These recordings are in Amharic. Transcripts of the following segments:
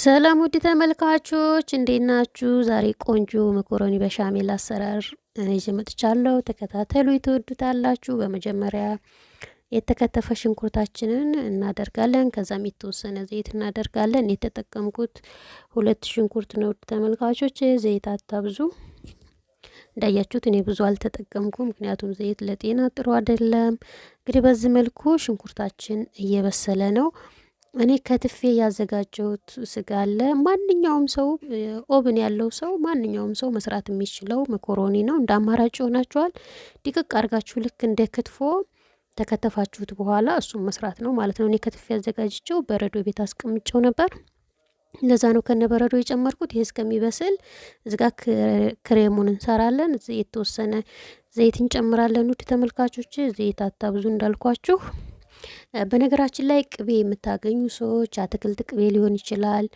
ሰላም ውድ ተመልካቾች እንዴት ናችሁ? ዛሬ ቆንጆ መኮረኒ በሻሜል አሰራር ይዤ መጥቻለሁ። ተከታተሉ፣ ትወዱታላችሁ። በመጀመሪያ የተከተፈ ሽንኩርታችንን እናደርጋለን። ከዛም የተወሰነ ዘይት እናደርጋለን። የተጠቀምኩት ሁለት ሽንኩርት ነው። ውድ ተመልካቾች ዘይት አታብዙ። እንዳያችሁት እኔ ብዙ አልተጠቀምኩ፣ ምክንያቱም ዘይት ለጤና ጥሩ አይደለም። እንግዲህ በዚህ መልኩ ሽንኩርታችን እየበሰለ ነው። እኔ ከትፌ ያዘጋጀሁት ስጋ አለ። ማንኛውም ሰው ኦብን ያለው ሰው ማንኛውም ሰው መስራት የሚችለው መኮሮኒ ነው። እንደ አማራጭ ይሆናችኋል። ድቅቅ አድርጋችሁ ልክ እንደ ክትፎ ተከተፋችሁት በኋላ እሱም መስራት ነው ማለት ነው። እኔ ከትፌ ያዘጋጅቸው በረዶ ቤት አስቀምጨው ነበር። እንደዛ ነው ከነበረዶ የጨመርኩት። ይሄ እስከሚበስል እዚጋ ክሬሙን እንሰራለን። የተወሰነ ዘይት እንጨምራለን። ውድ ተመልካቾች ዘይት አታብዙ እንዳልኳችሁ በነገራችን ላይ ቅቤ የምታገኙ ሰዎች አትክልት ቅቤ ሊሆን ይችላል፣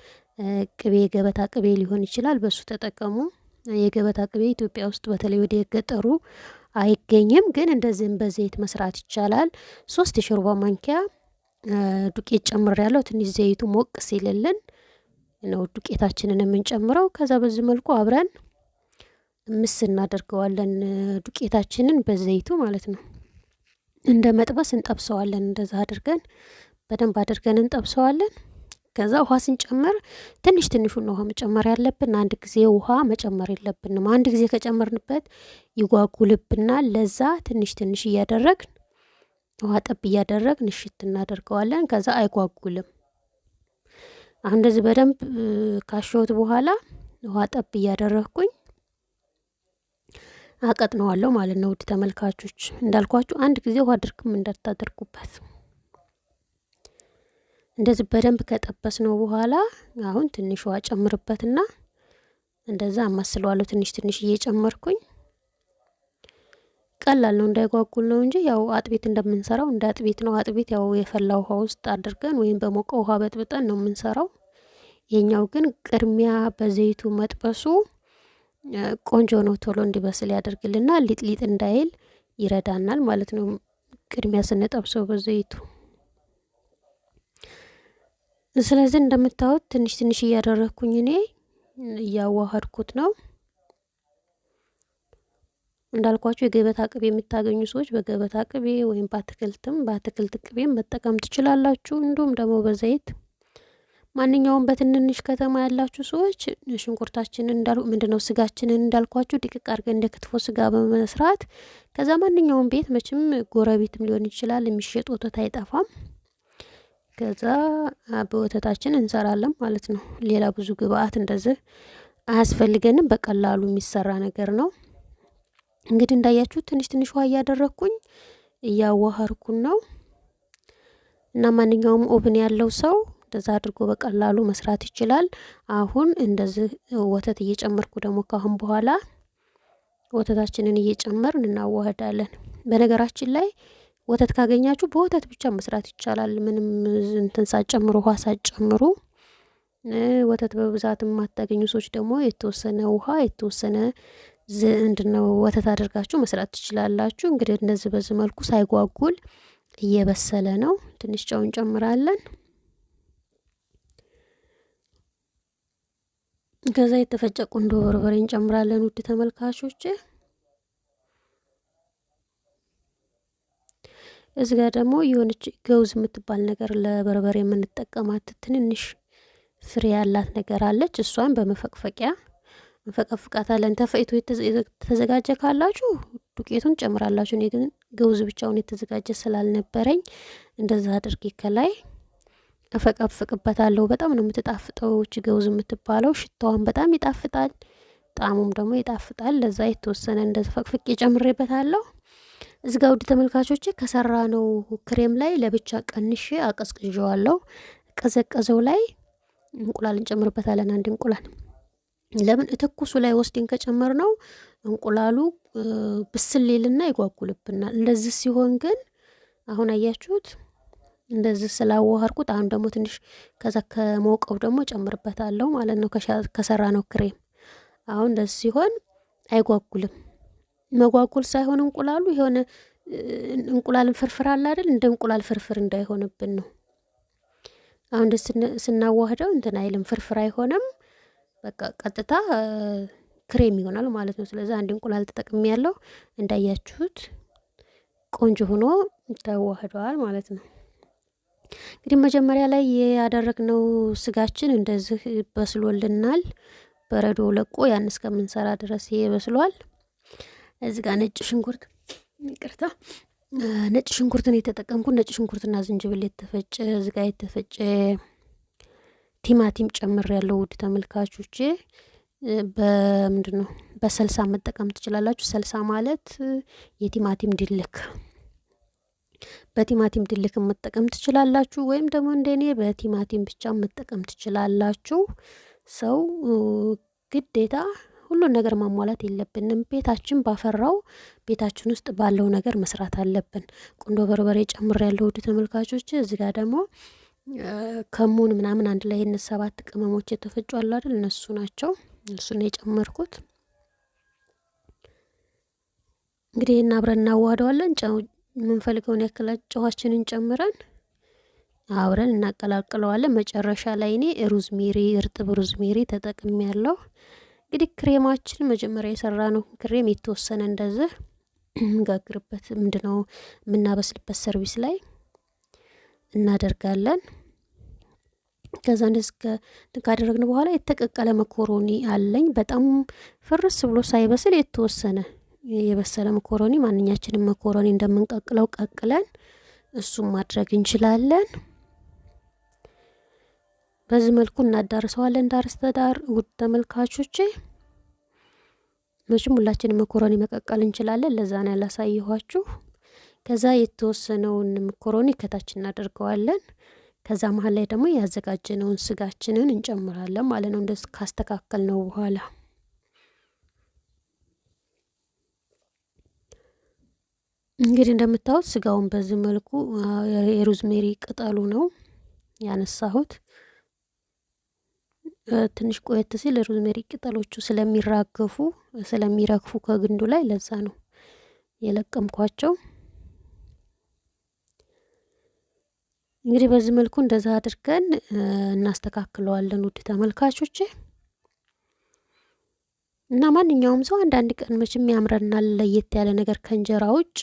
ቅቤ የገበታ ቅቤ ሊሆን ይችላል። በሱ ተጠቀሙ። የገበታ ቅቤ ኢትዮጵያ ውስጥ በተለይ ወደ ገጠሩ አይገኝም፣ ግን እንደዚህም በዘይት መስራት ይቻላል። ሶስት የሾርባ ማንኪያ ዱቄት ጨምር ያለው ትንሽ ዘይቱ ሞቅ ሲልልን ነው ዱቄታችንን የምንጨምረው። ከዛ በዚህ መልኩ አብረን ምስ እናደርገዋለን ዱቄታችንን በዘይቱ ማለት ነው። እንደ መጥበስ እንጠብሰዋለን። እንደዛ አድርገን በደንብ አድርገን እንጠብሰዋለን። ከዛ ውሃ ስንጨምር ትንሽ ትንሹን ውሃ መጨመር ያለብን፣ አንድ ጊዜ ውሃ መጨመር የለብንም። አንድ ጊዜ ከጨመርንበት ይጓጉልብና ለዛ ትንሽ ትንሽ እያደረግን ውሃ ጠብ እያደረግን እሽት እናደርገዋለን። ከዛ አይጓጉልም። እንደዚህ በደንብ ካሸሁት በኋላ ውሃ ጠብ እያደረግኩኝ አቀጥነዋለሁ ማለት ነው። ውድ ተመልካቾች እንዳልኳችሁ አንድ ጊዜ ውሃ ድርቅም እንዳታደርጉበት። እንደዚህ በደንብ ከጠበስ ነው በኋላ አሁን ትንሽ ውሃ ጨምርበትና እንደዛ አማስለዋለሁ። ትንሽ ትንሽ እየጨመርኩኝ ቀላል ነው፣ እንዳይጓጉል ነው እንጂ ያው አጥቤት እንደምንሰራው እንደ አጥቤት ነው። አጥቤት ያው የፈላ ውሃ ውስጥ አድርገን ወይም በሞቀ ውሃ በጥብጠን ነው የምንሰራው። የኛው ግን ቅድሚያ በዘይቱ መጥበሱ ቆንጆ ነው፣ ቶሎ እንዲበስል ያደርግልና ሊጥሊጥ እንዳይል ይረዳናል ማለት ነው። ቅድሚያ ስንጠብሰው በዘይቱ። ስለዚህ እንደምታዩት ትንሽ ትንሽ እያደረግኩኝ እኔ እያዋሃድኩት ነው። እንዳልኳቸው የገበታ ቅቤ የምታገኙ ሰዎች በገበታ ቅቤ ወይም በአትክልትም በአትክልት ቅቤም መጠቀም ትችላላችሁ። እንዲሁም ደግሞ በዘይት ማንኛውም በትንንሽ ከተማ ያላችሁ ሰዎች ሽንኩርታችንን እንዳል ምንድነው ስጋችንን እንዳልኳችሁ ድቅቅ አድርገን እንደ ክትፎ ስጋ በመስራት ከዛ ማንኛውም ቤት መቼም ጎረቤትም ሊሆን ይችላል የሚሸጥ ወተት አይጠፋም። ከዛ በወተታችን እንሰራለን ማለት ነው። ሌላ ብዙ ግብአት እንደዚህ አያስፈልገንም። በቀላሉ የሚሰራ ነገር ነው። እንግዲህ እንዳያችሁ ትንሽ ትንሽ ውሃ እያደረግኩኝ እያዋሃርኩን ነው እና ማንኛውም ኦብን ያለው ሰው እንደዛ አድርጎ በቀላሉ መስራት ይችላል። አሁን እንደዚህ ወተት እየጨመርኩ ደግሞ ካሁን በኋላ ወተታችንን እየጨመርን እናዋህዳለን። በነገራችን ላይ ወተት ካገኛችሁ በወተት ብቻ መስራት ይቻላል። ምንም እንትን ሳጨምሩ ውሃ ሳጨምሩ ወተት በብዛት የማታገኙ ሰዎች ደግሞ የተወሰነ ውሃ የተወሰነ እንድነው ወተት አድርጋችሁ መስራት ትችላላችሁ። እንግዲህ እነዚህ በዚህ መልኩ ሳይጓጉል እየበሰለ ነው። ትንሽ ጨውን ጨምራለን። ከዛ የተፈጨ ቁንዶ በርበሬ እንጨምራለን። ውድ ተመልካቾች እዚ ጋር ደግሞ የሆነች ገውዝ የምትባል ነገር ለበርበሬ የምንጠቀማት ትንንሽ ፍሬ ያላት ነገር አለች። እሷን በመፈቅፈቂያ እንፈቀፍቃታለን። ተፈይቶ የተዘጋጀ ካላችሁ ዱቄቱን ጨምራላችሁ። እኔ ግን ገውዝ ብቻውን የተዘጋጀ ስላልነበረኝ እንደዛ አድርጌ ከላይ እፈቀፍቅበታለሁ። በጣም ነው የምትጣፍጠው ችገውዝ የምትባለው። ሽታዋን በጣም ይጣፍጣል፣ ጣዕሙም ደግሞ ይጣፍጣል። ለዛ የተወሰነ እንደዚ ፈቅፍቅ እዚ ጋ ውድ ተመልካቾች ከሰራ ነው ክሬም ላይ ለብቻ ቀንሼ አቀዝቅዣዋለሁ። ቀዘቀዘው ላይ እንቁላል እንጨምርበታለን። አንድ እንቁላል ለምን እትኩሱ ላይ ወስድን ከጨመር ነው እንቁላሉ ብስሌልና ይጓጉልብናል። እንደዚህ ሲሆን ግን አሁን አያችሁት እንደዚህ ስላዋሃርኩት አሁን ደግሞ ትንሽ ከዛ ከመውቀው ደግሞ ጨምርበታለሁ ማለት ነው። ከሰራ ነው ክሬም አሁን እንደዚህ ሲሆን አይጓጉልም። መጓጉል ሳይሆን እንቁላሉ የሆነ እንቁላልን ፍርፍር አለ አይደል? እንደ እንቁላል ፍርፍር እንዳይሆንብን ነው። አሁን ስናዋህደው እንትን አይልም፣ ፍርፍር አይሆንም። በቃ ቀጥታ ክሬም ይሆናል ማለት ነው። ስለዚህ አንድ እንቁላል ተጠቅሜ ያለው እንዳያችሁት ቆንጆ ሆኖ ተዋህደዋል ማለት ነው። እንግዲህ መጀመሪያ ላይ ያደረግነው ስጋችን እንደዚህ በስሎልናል። በረዶ ለቆ ያን እስከምንሰራ ድረስ ይሄ በስሏል። እዚህ ጋር ነጭ ሽንኩርት ይቅርታ፣ ነጭ ሽንኩርትን የተጠቀምኩ ነጭ ሽንኩርትና ዝንጅብል የተፈጨ እዚህ ጋር የተፈጨ ቲማቲም ጨምር ያለው ውድ ተመልካቾቼ በምንድን ነው በሰልሳ መጠቀም ትችላላችሁ። ሰልሳ ማለት የቲማቲም ድልክ በቲማቲም ድልክ መጠቀም ትችላላችሁ፣ ወይም ደግሞ እንደኔ በቲማቲም ብቻ መጠቀም ትችላላችሁ። ሰው ግዴታ ሁሉን ነገር ማሟላት የለብንም። ቤታችን ባፈራው ቤታችን ውስጥ ባለው ነገር መስራት አለብን። ቁንዶ በርበሬ ጨምር ያለው ውድ ተመልካቾች፣ እዚህ ጋር ደግሞ ከሙን ምናምን አንድ ላይ የነ ሰባት ቅመሞች የተፈጩ አሉ አይደል? እነሱ ናቸው። እነሱን የጨመርኩት እንግዲህ ይህን አብረን እናዋህደዋለን። የምንፈልገውን ያክል ጨዋችንን ጨምረን አብረን እናቀላቅለዋለን። መጨረሻ ላይ እኔ ሩዝሜሪ እርጥብ ሩዝሜሪ ተጠቅሜ ያለው እንግዲህ ክሬማችን መጀመሪያ የሰራ ነው ክሬም የተወሰነ እንደዚህ ምንድ ነው የምናበስልበት ሰርቪስ ላይ እናደርጋለን። ከዛ እንደዚህ ካደረግን በኋላ የተቀቀለ መኮሮኒ አለኝ። በጣም ፍርስ ብሎ ሳይበስል የተወሰነ የበሰለ መኮረኒ ማንኛችንም መኮረኒ እንደምንቀቅለው ቀቅለን እሱም ማድረግ እንችላለን። በዚህ መልኩ እናዳርሰዋለን ዳርስተ ዳር። ውድ ተመልካቾቼ መቼም ሁላችንም መኮረኒ መቀቀል እንችላለን። ለዛ ነው ያላሳየኋችሁ። ከዛ የተወሰነውን መኮረኒ ከታች እናደርገዋለን። ከዛ መሀል ላይ ደግሞ ያዘጋጀነውን ስጋችንን እንጨምራለን ማለት ነው። እንደዚህ ካስተካከል ነው በኋላ እንግዲህ እንደምታዩት ስጋውን በዚህ መልኩ የሩዝሜሪ ቅጠሉ ነው ያነሳሁት። ትንሽ ቆየት ሲል ሩዝሜሪ ቅጠሎቹ ስለሚራገፉ ስለሚረግፉ ከግንዱ ላይ ለዛ ነው የለቀምኳቸው። እንግዲህ በዚህ መልኩ እንደዛ አድርገን እናስተካክለዋለን ውድ ተመልካቾቼ። እና ማንኛውም ሰው አንዳንድ ቀን መቼም ያምረናል ለየት ያለ ነገር ከእንጀራ ውጭ።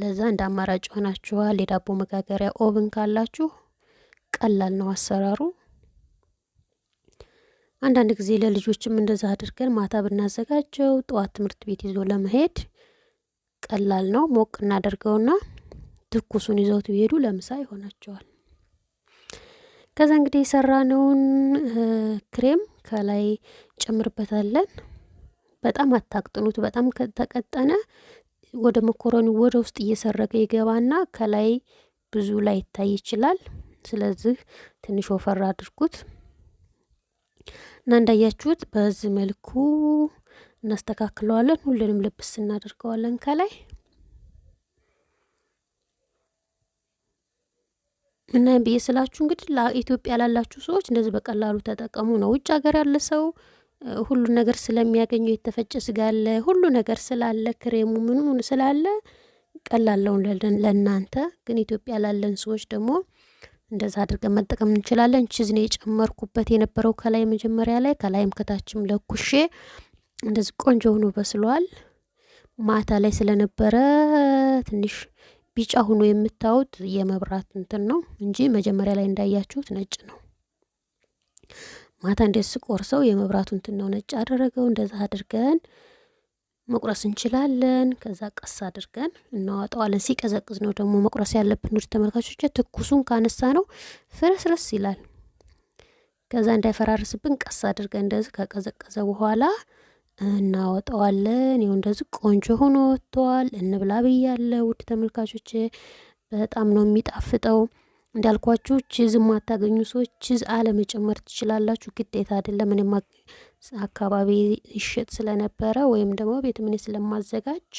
ለዛ እንደ አማራጭ ሆናችኋል። የዳቦ መጋገሪያ ኦብን ካላችሁ ቀላል ነው አሰራሩ። አንዳንድ ጊዜ ለልጆችም እንደዛ አድርገን ማታ ብናዘጋጀው ጠዋት ትምህርት ቤት ይዞ ለመሄድ ቀላል ነው። ሞቅ እናደርገውና ትኩሱን ይዘውት ቢሄዱ ለምሳ ይሆናቸዋል። ከዛ እንግዲህ የሰራነውን ክሬም ከላይ ጨምርበታለን። በጣም አታቅጥኑት። በጣም ከተቀጠነ ወደ መኮረኒ ወደ ውስጥ እየሰረገ ይገባና ከላይ ብዙ ላይ ይታይ ይችላል። ስለዚህ ትንሽ ወፈር አድርጉት እና እንዳያችሁት በዚህ መልኩ እናስተካክለዋለን። ሁሉንም ልብስ እናደርገዋለን ከላይ እና ብዬ ስላችሁ እንግዲህ ኢትዮጵያ ላላችሁ ሰዎች እንደዚህ በቀላሉ ተጠቀሙ ነው። ውጭ ሀገር ያለ ሰው ሁሉን ነገር ስለሚያገኘው የተፈጨ ስጋ አለ፣ ሁሉ ነገር ስላለ፣ ክሬሙ ምኑ ስላለ ቀላለውን ለእናንተ ግን ኢትዮጵያ ላለን ሰዎች ደግሞ እንደዛ አድርገን መጠቀም እንችላለን። ቺዝ የጨመርኩበት የነበረው ከላይ መጀመሪያ ላይ ከላይም ከታችም ለኩሼ እንደዚህ ቆንጆ ሆኖ በስሏል። ማታ ላይ ስለነበረ ትንሽ ቢጫ ሆኖ የምታዩት የመብራት እንትን ነው እንጂ መጀመሪያ ላይ እንዳያችሁት ነጭ ነው። ማታ እንደሱ ቆርሰው የመብራቱ እንትን ነው ነጭ አደረገው። እንደዛ አድርገን መቁረስ እንችላለን። ከዛ ቀስ አድርገን እናዋጠዋለን። ሲቀዘቅዝ ነው ደግሞ መቁረስ ያለብን። ውድ ተመልካቾች ትኩሱን ካነሳ ነው ፍርስርስ ይላል። ከዛ እንዳይፈራርስብን ቀስ አድርገን እንደዚህ ከቀዘቀዘ በኋላ እናወጣዋለን። ይኸው እንደዚህ ቆንጆ ሆኖ ወጥተዋል። እንብላ ብያለሁ ውድ ተመልካቾቼ፣ በጣም ነው የሚጣፍጠው። እንዳልኳችሁ ቺዝ የማታገኙ ሰዎች ቺዝ አለመጨመር ትችላላችሁ። ግዴታ አይደለም። ምንም አካባቢ ይሸጥ ስለነበረ ወይም ደግሞ ቤት ምን ስለማዘጋጅ